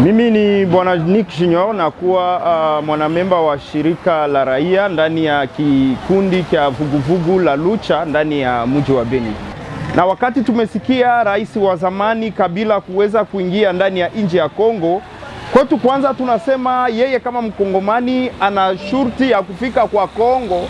Mimi ni Bwana Nick Junior na kuwa uh, mwanamemba wa shirika la raia ndani ya kikundi cha vuguvugu la Lucha ndani ya mji wa Beni. Na wakati tumesikia rais wa zamani Kabila kuweza kuingia ndani ya nchi ya Kongo, kwetu kwanza tunasema yeye kama mkongomani ana shurti ya kufika kwa Kongo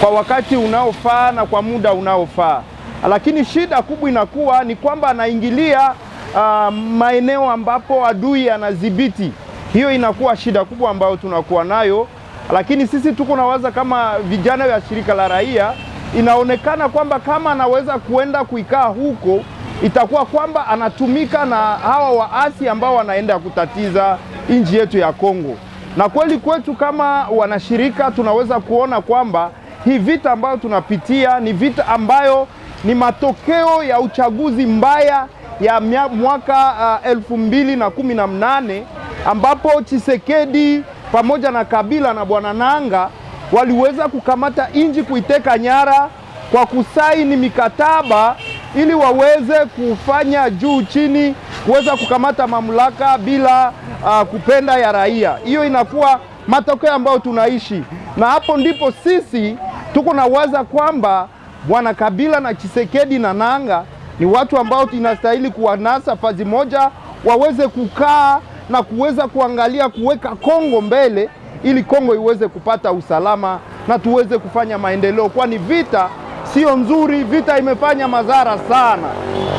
kwa wakati unaofaa na kwa muda unaofaa. Lakini shida kubwa inakuwa ni kwamba anaingilia uh, maeneo ambapo adui anadhibiti. Hiyo inakuwa shida kubwa ambayo tunakuwa nayo, lakini sisi tuko nawaza kama vijana wa shirika la raia, inaonekana kwamba kama anaweza kuenda kuikaa huko itakuwa kwamba anatumika na hawa waasi ambao wanaenda kutatiza nchi yetu ya Kongo. Na kweli kwetu kama wanashirika tunaweza kuona kwamba hii vita ambayo tunapitia ni vita ambayo ni matokeo ya uchaguzi mbaya ya mwaka uh, elfu mbili na kumi na mnane ambapo Chisekedi pamoja na Kabila na bwana Nanga waliweza kukamata inji kuiteka nyara kwa kusaini mikataba ili waweze kufanya juu chini kuweza kukamata mamlaka bila uh, kupenda ya raia. Hiyo inakuwa matokeo ambayo tunaishi, na hapo ndipo sisi tuko na waza kwamba Bwana Kabila na Chisekedi na Nanga ni watu ambao tunastahili kuwanasa fazi moja, waweze kukaa na kuweza kuangalia kuweka Kongo mbele, ili Kongo iweze kupata usalama na tuweze kufanya maendeleo, kwani vita sio nzuri, vita imefanya madhara sana.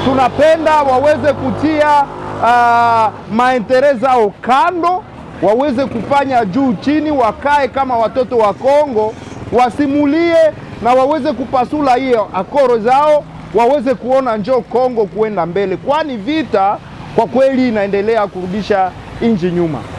Tunapenda waweze kutia uh, ah, maendeleo zao kando, waweze kufanya juu chini, wakae kama watoto wa Kongo, wasimulie na waweze kupasula hiyo akoro zao, waweze kuona njoo Kongo kuenda mbele, kwani vita kwa kweli inaendelea kurudisha nchi nyuma.